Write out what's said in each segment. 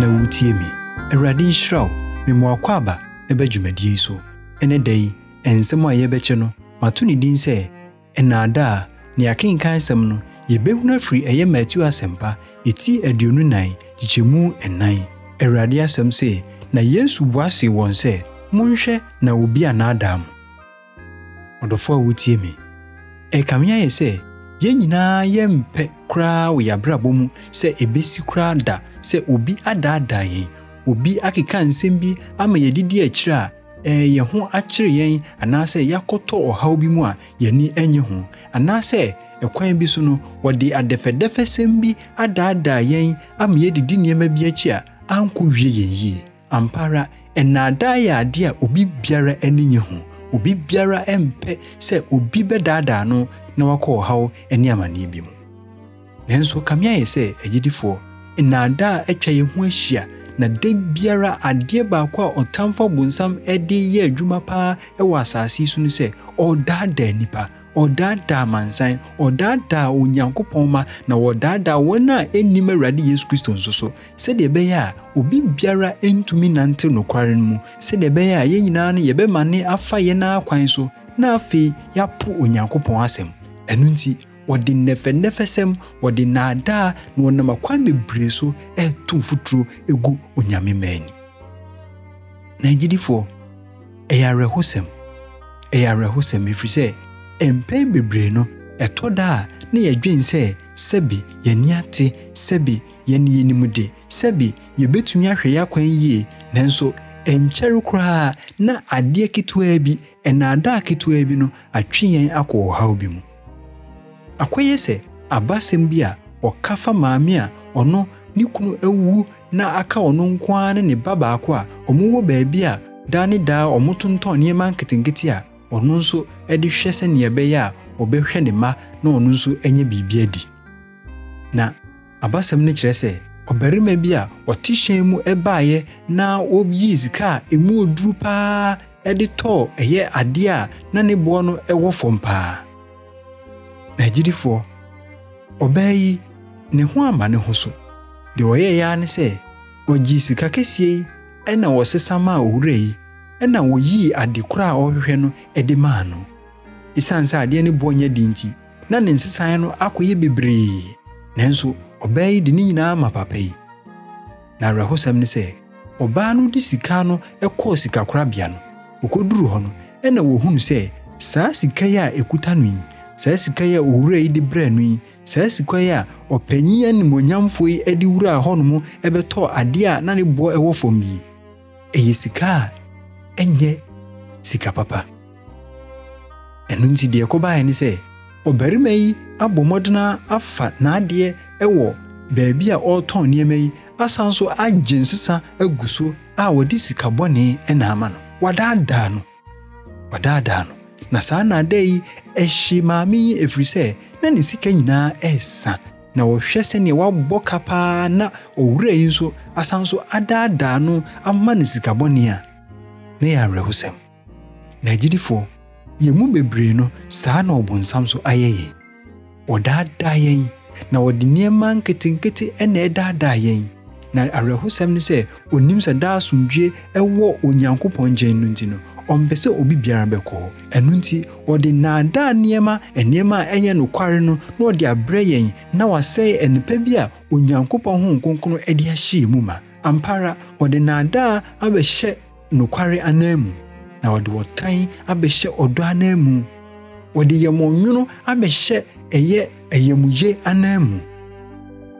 na wotie me awurade nhyira wo memmoakɔ aba ɛbɛ dwumadie so ɛnɛ da yi ɛnsɛm a yɛbɛkyɛ no mato ne din sɛ ɛnaada a ne akenka asɛm no yɛbɛhunu afiri ɛyɛ matthew asɛmpa ɛti aduonu nan kyekyɛmu ɛnan awurade asɛm se na yesu boase wɔn sɛ monhwɛ na obi anaadaa mo ɔdɔfoɔ a wotie me ɛkame ayɛ sɛ yɛn nyinaa yɛmpɛ koraa wɔ yɛabrabɔ mu sɛ ɛbɛsi koraa da sɛ obi adaadaa yɛn obi akeka nsɛm bi ama yɛdidi akyire a ɛɛ yɛn ho akyere yɛn anaasɛ yɛakɔtɔ ɔhaw bi mu a yɛni anyi ho anaasɛ ɛkwan bi so no wɔde adɛfɛdɛfɛsɛm bi adaadaa yɛn ama yɛdidi nneɛma bi akyi a ankɔ wie yɛn yie ampa ara yɛ adeɛ a obi biara ani nye ho obi biara mpɛ sɛ obi bɛdaadaa no na wakɔ ɔhaw ne amanneɛ bi mu nanso kamea yɛ sɛ agyidifoɔ nnaadaa atwa yɛn ho ahyia na da biara adeɛ baako a ɔtamfo abonsam de yɛ adwuma paa wɔ asase yi so no sɛ ɔredaadaa nnipa ɔdaadaa amansan ɔdaadaa onyankopɔn ma na wɔdaadaa wɔn a ɛnnim awurade yesu kristo nso so sɛdeɛ ɛbɛyɛ a obi biara ntumi nante nokware no mu sɛdeɛ ɛbɛyɛ a yɛn nyinaa no yɛbɛmane afa yɛn kwan so na afei yɛapo onyankopɔn asɛm ɛno nti wɔde nnɛfɛnnɛfɛsɛm wɔde nnaadaa na wɔnam akwan bebree so ɛreto mfuturo egu onyame mmaa ani na agyidifoɔ ɛyɛ awerɛhosɛm ɛyɛ awerɛhosɛm ɛfiri sɛ mpɛn bebree no ɛtɔ da a na yɛdwen sɛ sɛbi yɛni ate sɛbi yɛni yɛnim de sɛbi yɛbɛtumi ahwɛ yɛ yie nanso ɛnkyɛre koraa na adeɛ ketewa bi ɛnaadaa ketewa bi no atwe yɛn akɔ ɔhaw bi mu akɔyɛ sɛ abasɛm bi a ɔka fa maame a ɔno ne kunu awu na aka ɔno nko ara ne ne ba baako a ɔmowɔ baabi a daa ne daa ɔmotontɔn nneɛma nketenkete a ɔno nso de hwɛ sɛnea ɛbɛyɛ a ɔbɛhwɛ ne mma na ɔno nso anya biribi adi na abasɛm no kyerɛ sɛ ɔbarima bi a ɔte hyɛn mu baeɛ na ɔyii sika a ɛmu ɔduru paa de tɔɔ ɛyɛ adeɛ a na ne boɔ no ɛwɔ fam paa agyidifoɔ ɔbaa yi ne ho ama ne ho so deɛ ɔyɛ ara ne sɛ ɔgyee sika kɛseɛ yi ɛna ɔsesa maa owura yi ɛna wɔyii ade korɔ a ɔhwehwɛ no de maa no ɛsiane sɛ adeɛ no boɔ nyɛ de nti na ne nsesan no akɔyɛ bebree nanso ɔbaa yi de ne nyinaa ma papa yi na awerɛhosɛm ne sɛ ɔbaa no de sika no kɔɔ sikakorabea no ɔkɔduru hɔ no ɛna wɔhunu sɛ saa sika yi a ɛkuta no yi saa sika yi a owura yi de brɛ no yi saa sika yi a ɔpanyin animonyamfoɔ yi de wuraa hɔnom ɛbɛtɔɔ adeɛ a na ne boɔ ɛwɔ fam yi ɛyɛ sika ɛnyɛ sika papa ɛno nti deɛ ɛkɔbaeɛ ne sɛ ɔbarima yi abɔ mmɔdena afa n'adeɛ ɛwɔ beebi a ɔretɔn nneɛma yi asan nso agye nsesa agu so a wɔde sika bɔne ɛna ama no wadaadaa no wadaadaa no na saa naada yi ɛhye maame yi efiri sɛ na ne sika nyinaa ɛresa na wɔhwɛ sɛneɛ wabɔ ka paa na owura yi nso asan nso adaadaa no ama ne sika sikabɔne a na yɛ awerɛhosɛm na agyidifoɔ yɛn mu bebree no saa na ɔbonsam so ayɛ yɛn ɔdaadaa yɛn na ɔde nneɛma nketenkete na ɛdaadaa yɛn na awerɛhosɛm ne sɛ onim sɛ daa asomdwe ɛwɔ onyankopɔn nkyɛn no nti no ɔmpɛ sɛ obi biara ɛno nti ɔde naadaa nneɛma nneɛma a ɛyɛ nokware no na ɔde abrɛ yɛn na wasɛe bi a onyankopɔn ahyɛ mu ma nokware anan mu na wɔde wɔtan abɛhyɛ ɔdɔ anan mu wɔde yɛmɔnwono abɛhyɛ ɛyɛ ɛyɛmuye anan mu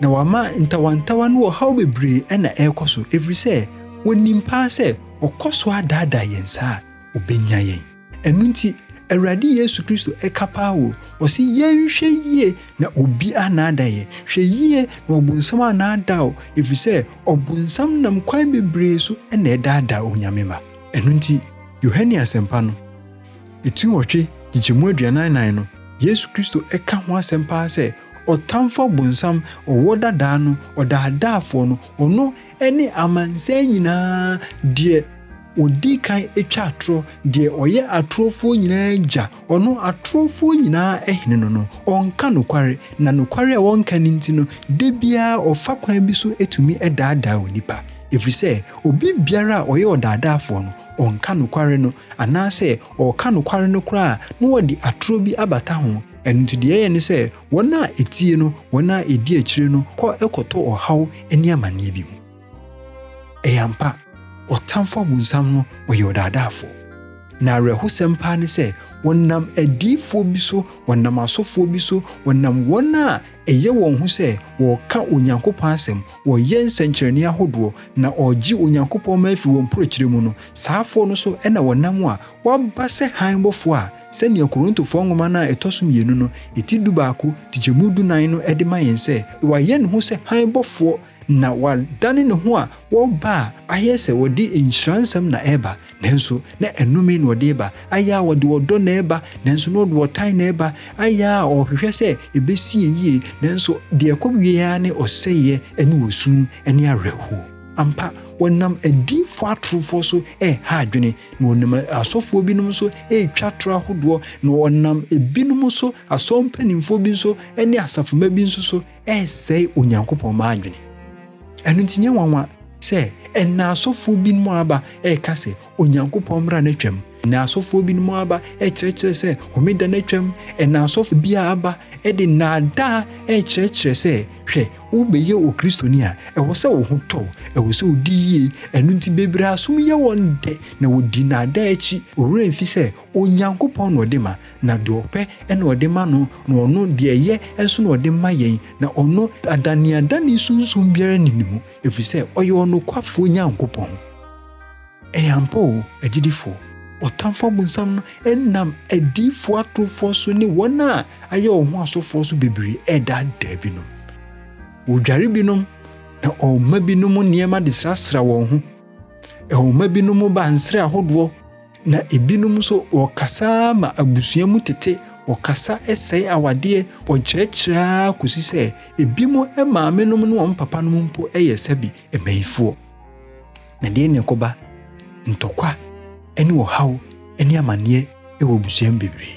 na wama ntawantawa no ɔhaw bebree ɛna ɛrekɔ so ɛfiri sɛ wɔnim paa sɛ ɔkɔ so adaadaa yɛn saa a ɔbɛnya yɛn ɛno nti awurade yesu kristo ɛka paa wo ɔse yɛnhwɛ yie na obi anaada yɛ hwɛ yie na ɔbonsam anaada wo ɛfiri sɛ nam kwan bebree so ɛna ɛdaadaa onyame ma ɛno nti yohane asɛmpa no ɛtiri wɔtwe gyikyɛmu aduanan nan no yesu kristo ɛka ho asɛm paa sɛ ɔtamfo bonsam ɔwɔ dadaa no ɔdaadaafoɔ no ɔno ne amansan nyinaa deɛ odi kan atwa atorɔ deɛ ɔyɛ atorɔfoɔ nyinaa gya ɔno atorɔfoɔ nyinaa ɛhene no no ɔnka nokware na nokware a wɔnka no nti no da biara ɔfa kwan bi so ɛtumi ɛdaadaa onipa ɛfiri sɛ obi biara a ɔyɛ ɔdaadaafoɔ no ɔnka nokware no anaasɛ ɔɔka nokware no koraa na wɔde atorɔ bi abata ho ɛno nti deɛ ɛyɛ ne sɛ wɔn a ɛtie no wɔn a ɛdi akyire no kɔ ɛkɔtɔ ɔhaw ne amanneɛ bi mu ɛyɛ mpa. ɔtamfo abunsam no ɔyɛ ɔdaadaafo na awerɛhosɛm paa ne sɛ wɔnam adiyifoɔ bi so wɔnam asɔfoɔ bi so wɔnam wɔn a ɛyɛ wɔn ho sɛ wɔreka onyankopɔn asɛm wɔyɛ nsɛnkyerɛnne ahodoɔ na ɔregye onyankopɔn ma afi wɔn mporɔkyerɛ mu no saafoɔ no so ɛna wɔnam a wɔaba sɛ hanbɔfoɔ a sɛnea korintofoɔ nwoma no a ɛtɔ so mmienu no ɛti du tikyɛmu dunan no de ma yɛn sɛ wɔayɛ ne ho sɛ hanbɔfoɔ na wadane ne ho a wɔba a ayɛ sɛ wɔde nhyira na ɛba nanso na ɛnome na wɔde ba ayɛ a wɔde wɔdɔ na ɛba nanso na wɔde wɔtan na ɛba ayɛ a ɔhwehwɛ sɛ ɛbɛsie yie nanso deɛ ɛkɔ wiea ne ɔsɛeɛ ne wɔsum ne awerɛhoɔ ampa wɔnam adinfoɔ atorofoɔ so ɛreha adwene na wɔnam asɔfoɔ binom nso ɛretwa toro ahodoɔ na wɔnam ebinom nso asɔ mpanimfoɔ bi nso ne asafoma bi nso so ɛresɛe onyankopɔn ma adwene ɛno nti nyɛ nwanwa sɛ ɛna asɔfoɔ binom aba ɛreka sɛ onyankopɔn mmara no twam na asɔfoɔ binom aba ɛkyerɛkyerɛ sɛ homeda no atwam ɛna asɔfo bia aba ɛde naadaa ɛkyerɛkyerɛ sɛ hwɛ wobɛyɛ okristoni a ɛwɔ sɛ wo ho tɔ ɛwɔ sɛ wodi yie ɛno nti bebree asomyɛ wɔn dɛ na wɔdi naadaa akyi owura mfi sɛ onyankopɔn na ɔde ma na deɛ ɔpɛ ɛna ɔde ma no na ɔno deɛ ɛyɛ ɛnso na ɔde ma yɛn na ɔno adaneadane sunsum biara nini mu ɛfiri sɛ ɔyɛ ɔnokwafoɔ nyankopɔn ɛyɛ ampa o agyidifo ɔtamfo abonsam no ɛnam adiifoɔ atorofoɔ so ne wɔn a ayɛ wɔn ho asɔfoɔ so bebree ɛdaadaa binom wɔdware binom na ɔma binom nneɛma de srasra wɔn ho ɛwɔma binom ba nsere ahodoɔ na ebinom nso wɔkasa ma abusua mu tete ɔkasa sɛe awadeɛ ɔkyerɛkyerɛa kɔsi sɛ ebinom mu maamenom ne wɔn papa no mpo yɛ sɛbi mmayifoɔ na deɛ ne ɛkɔba ntɔkwa ne ɔhaw ne amanneɛ wɔ busuam bebree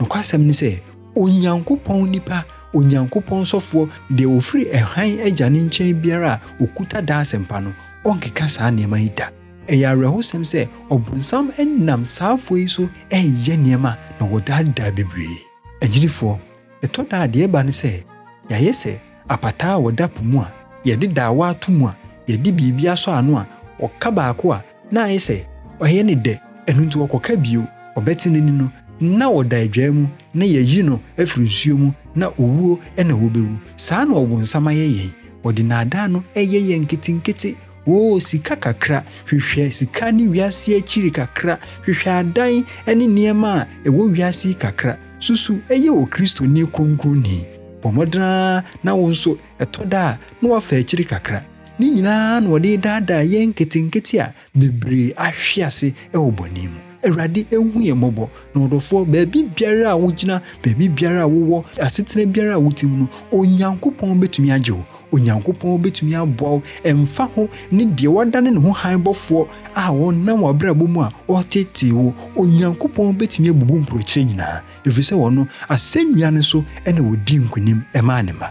nokwasɛm ne sɛ onyankopɔn nipa onyankopɔn sɔfoɔ deɛ ɔfiri ɛhan agya ne nkyɛn biara a ɔkuta daa asɛmpa no ɔnkeka saa nneɛma yi da ɛyɛ awerɛhosɛm sɛ ɔbonsam nam saafoɔ yi so ɛreyɛ nneɛma na wɔdaadaa bebree agyirifoɔ ɛtɔ da adeɛ ba ne sɛ yɛayɛ sɛ apataa a wɔda po mu a yɛde daawa ato mu a yɛde biribi asɔ ano a ɔka baako a na ayɛ sɛ ɔyɛ ne dɛ ɛno nti wɔkɔka bio ɔbɛte n'ani no na ɔda adwaa mu na yɛyi no efiri nsuo mu na owuo ɛna wɔbɛwu saa na ɔbonsam ayɛ yɛn ɔde naadaa no ɛyɛ yɛn nketenkete oo sika kakra hwehwɛ sika ne wiase akyiri kakra hwehwɛ adan ɛne nneɛma a ɛwɔ wiase kakra susu ɛyɛ wɔ kristoni kronkronni bɔ mmɔdenaa na wɔn nso ɛtɔ da a na wafa akyiri kakra ne nyinaa na wɔde daadaa yɛn nketenkete a bebree ahwe ase wɔ bɔne mu awurade ɛhu yɛ mmɔbɔ na ɔdɔfoɔ baabi biara a wogyina baabi biara a wowɔ asetena biara a wotim no onyankopɔn betumi agye wo onyankopɔn betumi aboa wo ɛmfa ho ne deɛ wadane ne ho han bɔfoɔ a wɔnam w'abrabɔ mu a ɔtetee wo onyankopɔn bɛtumi abubu mporɔkyerɛ nyinaa ɛfiri sɛ wɔno asɛnnua no so ɛna wɔdi nkonim ɛmaa ne ma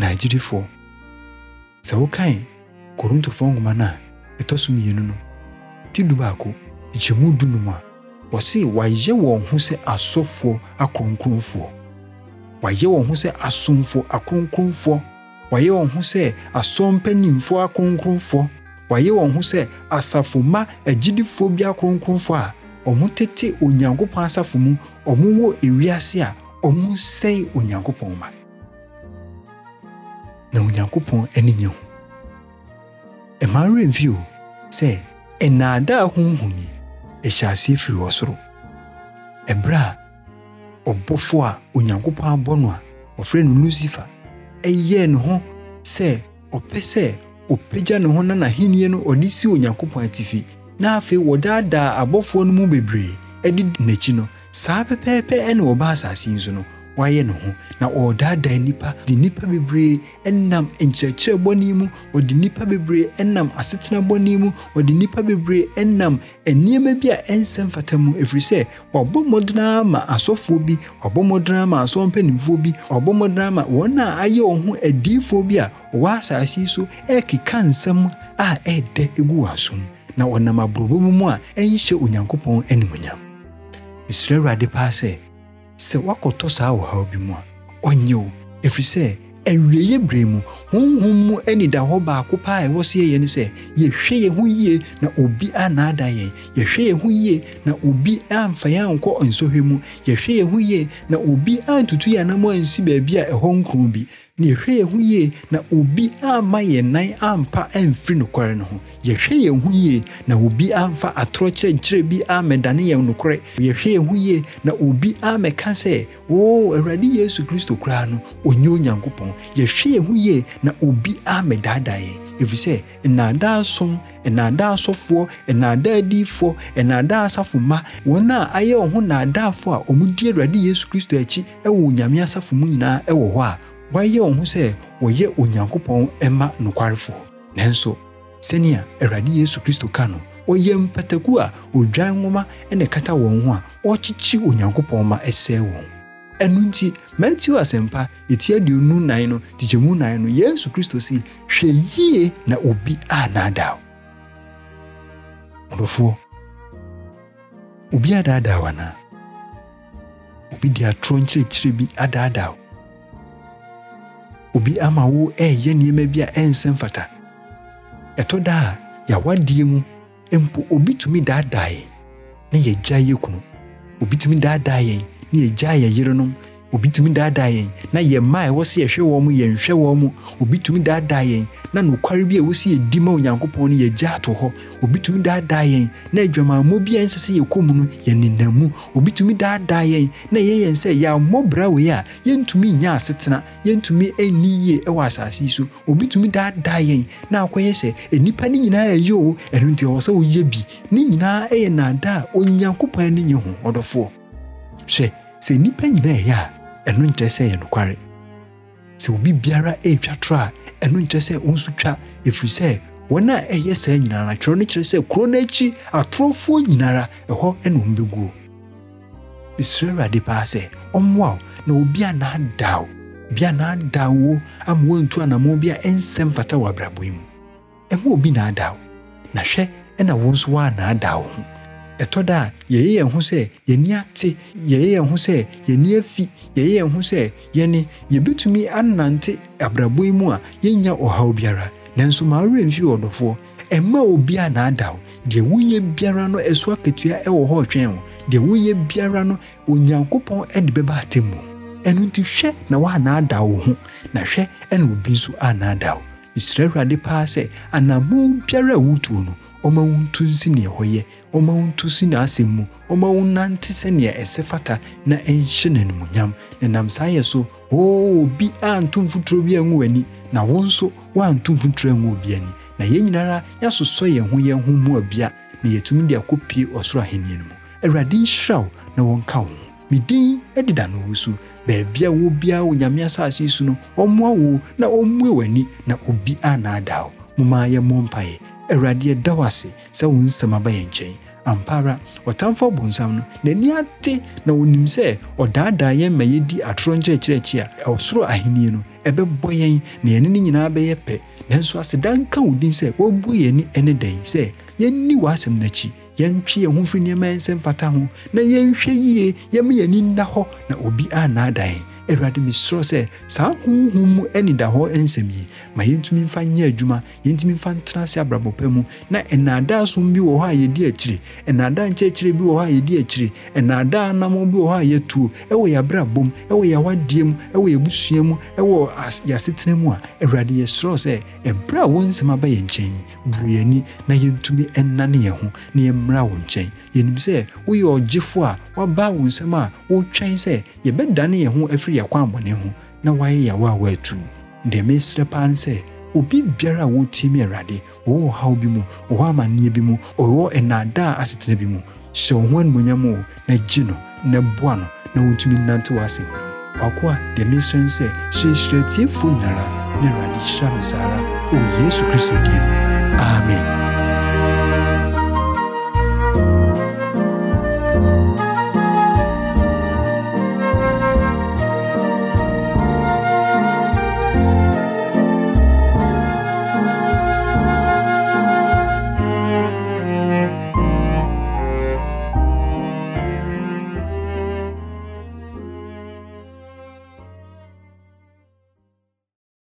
nagyerifoɔ sɛ wokae korintofoɔ nwoma no a ɛtɔ so mmienu no ti du baako nkyɛmu du no mu a wɔse wɔayɛ wɔn ho sɛ asɔfoɔ akronkronfoɔ wɔayɛ wɔn ho sɛ asomfoɔ akronkronfoɔ wɔayɛ wɔn ho sɛ asɔmpanimfoɔ akronkronfoɔ wɔayɛ wɔn ho sɛ asafoma agyidifoɔ bi akronkronfoɔ a ɔmo tete onyankopɔn asafo mu ɔmo wɔ ewiase a ɔmo sɛe onyankopɔn ma na onyankopɔn ani nye ho ɛma remfi sɛ ɛnaadaa honhom yi ɛhyɛ aseɛ firi soro ɛberɛ a ɔbɔfo a onyankopɔn abɔ no a wɔfrɛ no lucifer ɛyɛɛ ne ho sɛ ɔpɛ sɛ ɔpagya ne ho na n'ahenniɛ no ɔde si onyankopɔn atifi na afei wɔdaadaa abɔfoɔ no mu bebree ɛde n'akyi no saa pɛpɛɛpɛ ɛne ɔba asase yi so no wayɛ ne ho na ɔredaadaa nnipa de nnipa bebree ɛnam nkyerɛkyerɛ bɔne mu ɔde nnipa bebree ɛnam asetena bɔne mu ɔde nnipa bebree ɛnam nneɛma bi a ɛnsɛm fata mu ɛfiri sɛ ɔbɔ mmɔdena ma asɔfoɔ bi ɔbɔ mmɔdena ma asɔ bi ɔbɔ mmɔdena ma wɔn a ayɛ wɔn ho adiifoɔ bi a wɔwɔ asase yi so ɛrekeka nsɛm a ɛredɛ egu wɔn asom na ɔnam aborɔbɔ mu a ɛnhyɛ onyankopɔn animuonyam mesrɛ awurade paa sɛ sɛ woakɔtɔ saa ɔhaw bi mu a ɔnyɛ o ɛfiri sɛ awieɛ berɛ mu honhom mu anida hɔ baako paa ɛwɔ sɛ yɛyɛ ne sɛ yɛhwɛ yɛ ho yie na obi anaada yɛn yɛhwɛ yɛ ho yie na obi amfa yɛn ankɔ nsɔhwɛ mu yɛhwɛ yɛ ho yie na obi antutu yɛ anam ansi baabi a ɛhɔ nkron bi yɛhwɛ yɛn ho yie na obi amma yɛn nan ampa amfiri nokorɛ no ho yɛhwɛ yɛn ho yie na obi amfa atorɔ kyerɛkyerɛ bi ammɛdane yɛn nokorɛ yɛhwɛ yɛn ho yie na obi ammɛka sɛ oo awurade yesu kristo koraa no ɔnyɛ onyankopɔn yɛhwɛ yɛn ho yie na obi ammɛdaadaa yɛn ɛfiri sɛ nnaadaa som nnaadaa asɔfoɔ nnaadaa adiifoɔ nnaadaa asafo ma wɔn a ayɛ wɔn ho nnaadaafoɔ a wɔdi awurade yesu kristo akyi wɔ onyame asafo mu nyinaa wɔ hɔ a wayɛ wo ho sɛ wɔyɛ onyankopɔn ɛma nokwarefoɔ nanso sɛnea awurade yesu kristo ka no ɔyɛ mpataku a ɔdwan nwoma ne kata wɔn ho a ɔkyekye onyankopɔn ma ɛsɛe wɔn ɛno nti matthew asɛmpa ɛti aduonu nan no tikyɛmu nan no yesu kristo si hwɛ yie na obi anaadaaw ɔdɔfoɔ obi adaadaaw anaa obi de atorɔ nkyerɛkyerɛ bi adaadaaw obi ama wo ɛreyɛ nneɛma bi a ɛnsɛ mfata ɛtɔ da a yɛawadeɛ mu mpo obi tumi daadaa yɛn na yɛgya yɛ kunu obi tumi daadaa yɛn na yɛgya yɛ yerenom obitumi daadaa yɛn na yɛn mma a ɛwɔ sɛ yɛhwɛ wɔn mu yɛnhwɛ wɔn mu obi tumi daadaa yɛn na nokware bi a ɛwɔ sɛ yɛdi ma onyankopɔn no yɛgya ato hɔ obi daadaa yɛn na adwamammɔ bi a ɛnsɛ sɛ yɛkɔ mu no yɛnenam mu obi daadaa yɛn na ɛyɛ yɛn sɛ yɛammɔ bra wei a yɛntumi nya asetena yɛntumi ɛnni yie ɛwɔ asase yi so obi daadaa yɛn na akɔyɛ sɛ nnipa no nyinaa ɛyɛ o ɛno nti ɛwɔ sɛ woyɛ bi ne nyinaa ɛyɛ naadaa onyankopɔn ani nye ho ɔdɔfoɔ hwɛ sɛ nnipa nyinaa ɛyɛ a ɛno nkyerɛ sɛ yɛ nokware sɛ obi biara ɛretwa toro a ɛno nkyerɛ sɛ wo nso twa ɛfiri sɛ wɔn a ɛyɛ saa nyinaa na twerɛ no kyerɛ sɛ kuro no akyi atorofoɔ nyinara ɛhɔ ɛna wɔn bɛguo mesrɛ awurade paa sɛ ɔmmoa wo na obi a naada wo bi a naada wo ama wɔantu anammɔn bi a ɛnsɛm fata wɔ abrabɔ yi mu ɛma obi naada wo na hwɛ ɛna wo nso woa naada wo ho ɛtɔ da a yɛyɛ yɛn ho sɛ yɛni ate yɛyɛ yɛn ho sɛ yɛni afi yɛyɛ yɛn ho sɛ yɛne yɛbɛtumi anante abrabɔ yi mu a yɛnya ɔhaw biara nanso ma awerɛ mfi ɔdɔfoɔ ɛma obiara naadaw deɛ woyɛ biara no ɛso akatua ɛwɔ hɔ ɔtwɛn wo deɛ woyɛ biara no onyankopɔn ɛde bɛba atemmu ɛno nti hwɛ na woanaadaw wo ho na hwɛ ɛna obi nso anaadaw mesrɛ awurade paa sɛ anammɔn biara a wotuo no ɔma wo nto nsi hɔ yɛ ɔma wo nto si n'asɛm mu ɔma wo nante sɛnea ɛsɛ fata na ɛnhyɛ n'animuonyam na nam saa yɛ so oo obi anto mfuturo bi anwu w'ani na wo nso woanto mfuturo anwu obi ani na yɛn nyinara yɛasosɔ yɛn ho yɛn ho mu abia na yɛtumi de akɔpie ɔsoro ahenni no mu awurade nhyira wo na wɔnka wo ho medin ɛdeda no wo so baabi a wo biara onyame asase yi so no ɔmmoa wo na ɔmmue w'ani na obi anaadaa wo mo maa yɛ mmɔ mpaeɛ awurade yɛda wo ase sɛ wo nsɛm aba yɛ nkyɛn ampa ara ɔtamfo bonsam no n'ani ate na onim sɛ ɔdaadaa yɛn ma yɛdi atorɔ nkyerɛkyerɛkyi a ɔsoro ahenni no ɛbɛbɔ yɛn na yɛne no nyinaa bɛyɛ pɛ nanso aseda nka wo din sɛ wɔbu yɛn ani ɛne dɛn sɛ yɛnni w'asɛm n'akyi yɛntwe yɛn ho mfiri nneɛma yɛn sɛ mfata ho na yɛnhwɛ yie yɛma yɛn ani nna hɔ na obi annaadan awurade mesuro sɛ saa honhom mu anida hɔ nsɛm yi ma yɛntumi mfa nyɛ adwuma yɛntumi mfa ntena ase mu na ɛnaadaa som bi wɔ hɔ a yɛdi akyire ɛnaadaa bi wɔ hɔ a yɛdi akyire ɛnaadaa nam bi wɔ hɔ a yɛtuo, ɛwɔ yɛabrabɔ ɛwɔ yɛawadeɛ mu ɛwɔ yɛabusua ɛwɔ yɛasetena awurade yɛsoro sɛ a nsɛm aba nkyɛn na yɛntumi ɛnane yɛn ho na yɛmmra wo nkyɛn yɛnim sɛ woyɛ a wo nsɛm a sɛ yɛkɔ amɔne ho na wayɛ yɛwo a woatu deɛ mesrɛ paa ne sɛ obi biara a wɔtie mi awurade wɔwɔ ɔhaw bi mu ɔwɔ amanneɛ bi mu ɔwɔ nnaadaa asetena bi mu hyɛ wo ho animonyam o na gye no na boa no na wɔntumi nnante w'ase ɔko a deɛ mesrɛ ne sɛ hyerɛhyerɛ atiefoɔ nyinara na awurade hyira me saa ara ɔwɔ yesu kristo dim amen